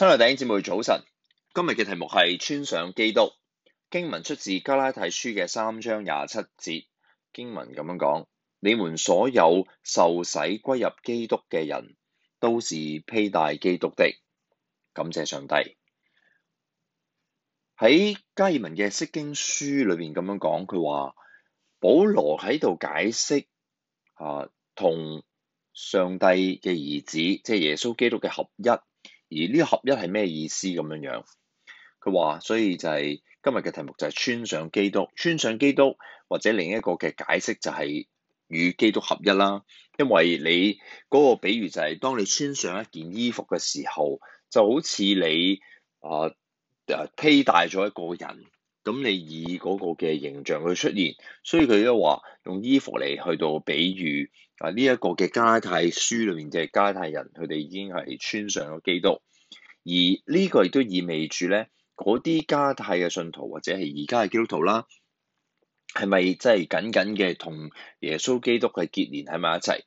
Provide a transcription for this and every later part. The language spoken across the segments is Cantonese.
親愛弟兄姊妹，早晨。今日嘅題目係穿上基督。經文出自加拉太書嘅三章廿七節。經文咁樣講：你們所有受洗歸入基督嘅人，都是披戴基督的。感謝上帝。喺加爾文嘅釋經書裏面咁樣講，佢話保羅喺度解釋啊，同上帝嘅兒子，即係耶穌基督嘅合一。而呢個合一係咩意思咁樣樣？佢話，所以就係、是、今日嘅題目就係、是、穿上基督，穿上基督，或者另一個嘅解釋就係、是、與基督合一啦。因為你嗰、那個比喻就係、是、當你穿上一件衣服嘅時候，就好似你啊啊、呃、披戴咗一個人。咁、嗯、你以嗰個嘅形象去出現，所以佢都話用衣服嚟去到比喻啊呢一、這個嘅加拉太書裏面嘅加拉太人，佢哋已經係穿上咗基督，而呢個亦都意味住咧，嗰啲加拉太嘅信徒或者係而家嘅基督徒啦，係咪即係緊緊嘅同耶穌基督係結連喺埋一齊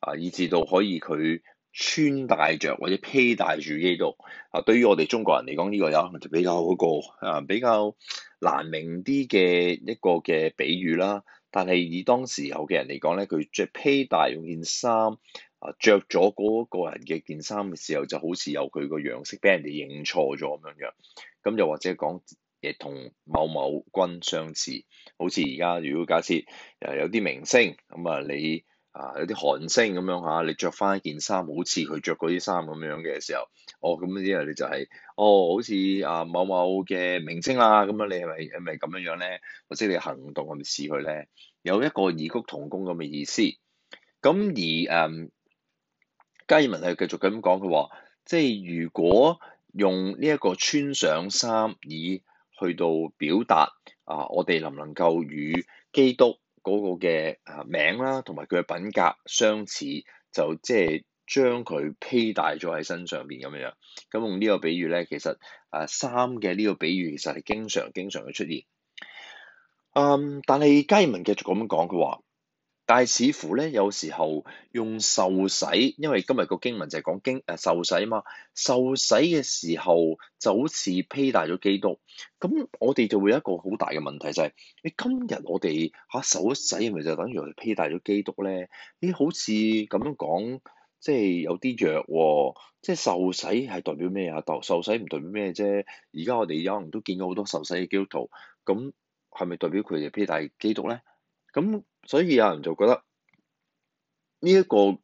啊？以至到可以佢。穿戴着或者披戴住基督，啊，對於我哋中國人嚟講，呢個有可能就比較嗰個啊比較難明啲嘅一個嘅比喻啦。但係以當時候嘅人嚟講咧，佢着披戴用件衫，啊，著咗嗰個人嘅件衫嘅時候，就好似有佢個樣式俾人哋認錯咗咁樣樣。咁又或者講亦同某某君相似，好似而家如果假設又有啲明星咁啊，你。啊！有啲韓星咁樣嚇、啊，你着翻一件衫，好似佢着嗰啲衫咁樣嘅時候，哦，咁之後你就係、是，哦好似啊某某嘅明星啊。咁、啊、樣你係咪係咪咁樣樣咧？或者你行動係咪似佢咧？有一個異曲同工咁嘅意思。咁而誒、嗯，加爾文係繼續咁講，佢話，即係如果用呢一個穿上衫以去到表達啊，我哋能唔能夠與基督？嗰個嘅啊名啦，同埋佢嘅品格相似，就即係將佢披戴咗喺身上邊咁樣樣。咁用呢個比喻咧，其實啊衫嘅呢個比喻其實係經常經常嘅出現。嗯，但係佳義文繼續咁講，佢話。但係似乎咧，有時候用受洗，因為今日個經文就係講經誒受洗嘛。受洗嘅時候就好似披戴咗基督，咁我哋就會有一個好大嘅問題就係、是，你今日我哋嚇受咗洗，咪就等於披戴咗基督咧？咦，好似咁樣講，即係有啲弱，即係受洗係代表咩啊？受洗唔、哦、代表咩啫？而家我哋有可能都見到好多受洗嘅基督徒，咁係咪代表佢哋披戴基督咧？咁所以有人就覺得呢、這、一個誒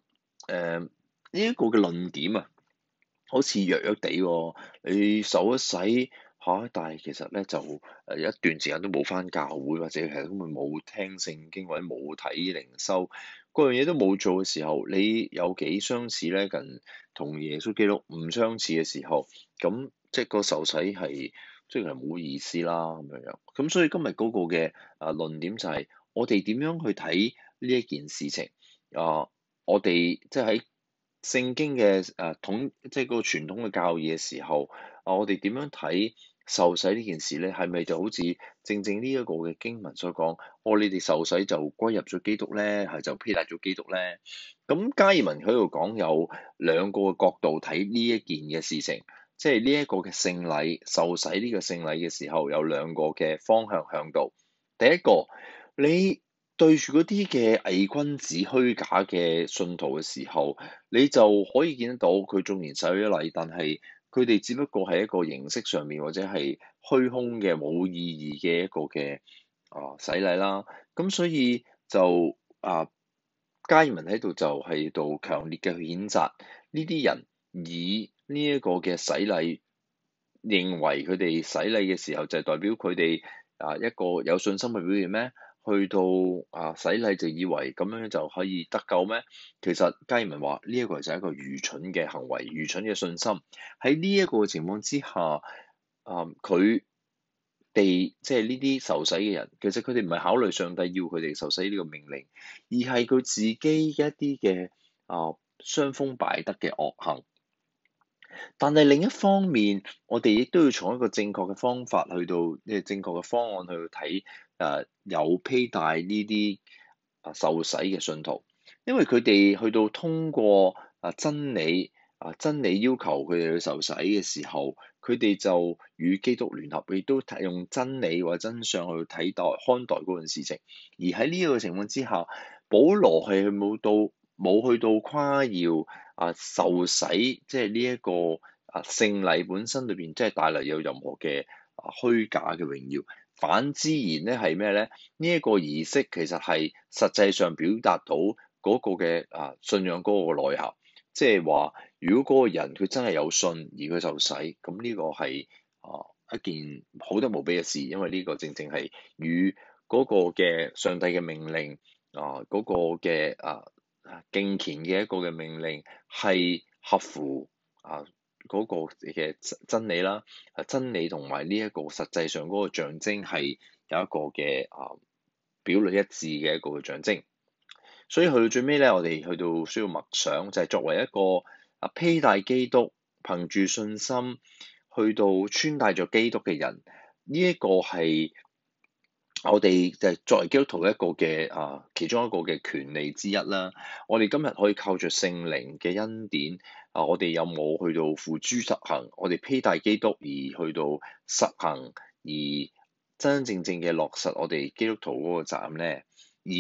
呢一個嘅論點啊，好似弱弱地喎，你受洗吓，但係其實咧就誒一段時間都冇返教會，或者係根本冇聽聖經，或者冇睇靈修，嗰樣嘢都冇做嘅時候，你有幾相似咧？近同耶穌基督唔相似嘅時候，咁即係個受洗係即係冇意思啦咁樣樣。咁所以今日嗰個嘅啊論點就係、是。我哋點樣去睇呢一件事情？啊，我哋即係喺聖經嘅誒統，即係個傳統嘅教義嘅時候，啊，我哋點樣睇受洗呢件事咧？係咪就好似正正呢一個嘅經文所講？我、啊、你哋受洗就歸入咗基督咧，係就披戴咗基督咧。咁加爾文喺度講有兩個嘅角度睇呢一件嘅事情，即係呢一個嘅聖禮受洗呢個聖禮嘅時候有兩個嘅方向向度。第一個。你對住嗰啲嘅偽君子、虛假嘅信徒嘅時候，你就可以見得到佢縱然洗咗禮，但係佢哋只不過係一個形式上面或者係虛空嘅冇意義嘅一個嘅啊洗禮啦。咁所以就啊，加爾文喺度就係度強烈嘅譴責呢啲人以呢一個嘅洗禮，認為佢哋洗禮嘅時候就係代表佢哋啊一個有信心嘅表現咩？去到啊，洗禮就以為咁樣就可以得救咩？其實加爾文話呢一個就係一個愚蠢嘅行為，愚蠢嘅信心。喺呢一個情況之下，啊，佢哋即係呢啲受洗嘅人，其實佢哋唔係考慮上帝要佢哋受洗呢個命令，而係佢自己一啲嘅啊傷風敗德嘅惡行。但係另一方面，我哋亦都要從一個正確嘅方法去到，即係正確嘅方案去睇，啊有披戴呢啲啊受洗嘅信徒，因為佢哋去到通過啊真理啊真理要求佢哋去受洗嘅時候，佢哋就與基督聯合，亦都用真理或者真相去睇待看待嗰件事情。而喺呢個情況之下，保羅係冇到冇去到誇耀。啊受洗，即係呢一個啊聖禮本身裏邊，即係帶嚟有任何嘅虛、啊、假嘅榮耀。反之言咧係咩咧？呢一、這個儀式其實係實際上表達到嗰個嘅啊信仰嗰個內涵。即係話，如果嗰個人佢真係有信而佢受洗，咁呢個係啊一件好得無比嘅事，因為呢個正正係與嗰個嘅上帝嘅命令啊嗰個嘅啊。那個敬虔嘅一個嘅命令係合乎啊嗰、那個嘅真理啦，啊真理同埋呢一個實際上嗰個象徵係有一個嘅啊表裏一致嘅一個嘅象徵，所以去到最尾咧，我哋去到需要默想就係、是、作為一個啊披戴基督，憑住信心去到穿戴著基督嘅人，呢、這、一個係。我哋就作為基督徒一個嘅啊，其中一個嘅權利之一啦。我哋今日可以靠著聖靈嘅恩典啊，我哋有冇去到付諸實行？我哋披戴基督而去到實行，而真真正正嘅落實我哋基督徒嗰個站咧。而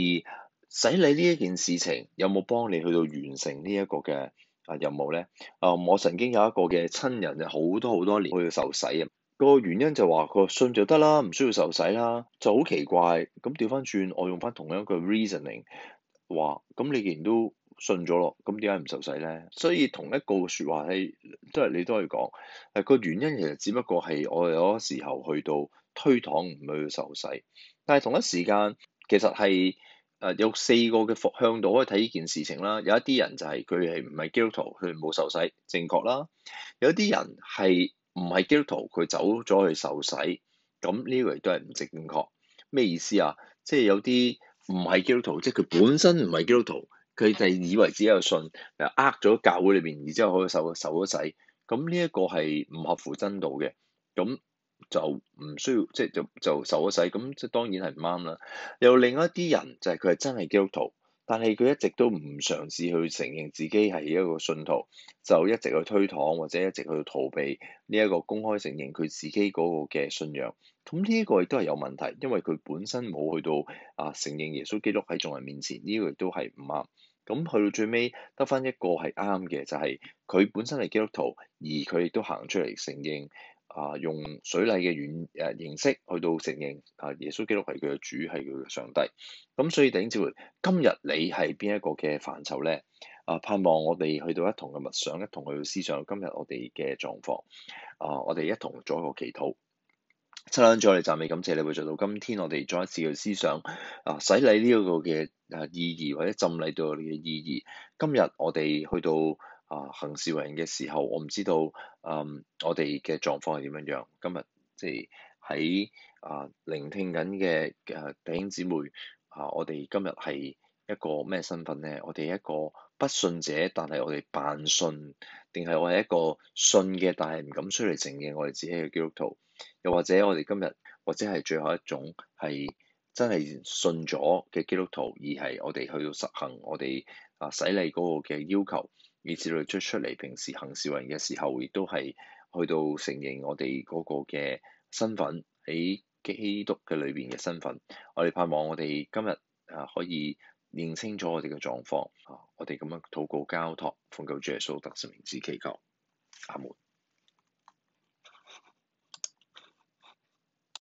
使你呢一件事情有冇幫你去到完成呢一個嘅啊任務咧？啊、嗯，我曾經有一個嘅親人啊，好多好多年去受洗啊。個原因就話個信就得啦，唔需要受洗啦，就好奇怪。咁調翻轉，我用翻同樣嘅 reasoning 話，咁你既然都信咗咯，咁點解唔受洗咧？所以同一個說話係都係你都可以講。誒個原因其實只不過係我有時候去到推搪唔去受洗，但係同一時間其實係誒有四個嘅方向度可以睇呢件事情啦。有一啲人就係佢係唔係基督徒，佢冇受洗，正確啦。有啲人係。唔係基督徒，佢走咗去受洗，咁呢個亦都係唔正確。咩意思啊？即係有啲唔係基督徒，即係佢本身唔係基督徒，佢就以為自己有信，嗱，呃咗教會裏邊，然之後可以受受咗洗，咁呢一個係唔合乎真道嘅。咁就唔需要，即係就就受咗洗，咁即係當然係唔啱啦。又另一啲人就係佢係真係基督徒，但係佢一直都唔嘗試去承認自己係一個信徒，就一直去推搪或者一直去逃避呢一個公開承認佢自己嗰個嘅信仰。咁呢一個亦都係有問題，因為佢本身冇去到啊承認耶穌基督喺眾人面前，呢、這個亦都係唔啱。咁去到最尾得返一個係啱嘅，就係、是、佢本身係基督徒，而佢亦都行出嚟承認。啊！用水禮嘅軟誒形式去到承認啊，耶穌基督係佢嘅主，係佢嘅上帝。咁所以頂住，今日你係邊一個嘅範疇咧？啊！盼望我哋去到一同嘅默想，一同去思想今日我哋嘅狀況。啊！我哋一同做一個祈禱。親恩，再嚟讚美，感謝你會做到今天。我哋再一次去思想啊，洗禮呢一個嘅啊意義，或者浸禮到你嘅意義。今日我哋去到，啊，行事為人嘅時候，我唔知道，嗯，我哋嘅狀況係點樣樣？今日即係喺啊聆聽緊嘅誒弟兄姊妹，啊，我哋今日係一個咩身份咧？我哋一個不信者，但係我哋扮信，定係我係一個信嘅，但係唔敢出嚟承認嘅，我哋自己嘅基督徒，又或者我哋今日或者係最後一種係真係信咗嘅基督徒，而係我哋去到實行我哋啊洗禮嗰個嘅要求。以至律出出嚟，平時行事為人嘅時候，亦都係去到承認我哋嗰個嘅身份喺基督嘅裏邊嘅身份。我哋盼望我哋今日啊，可以認清楚我哋嘅狀況啊，我哋咁樣禱告交託，奉救主耶穌得勝名字祈求，阿門。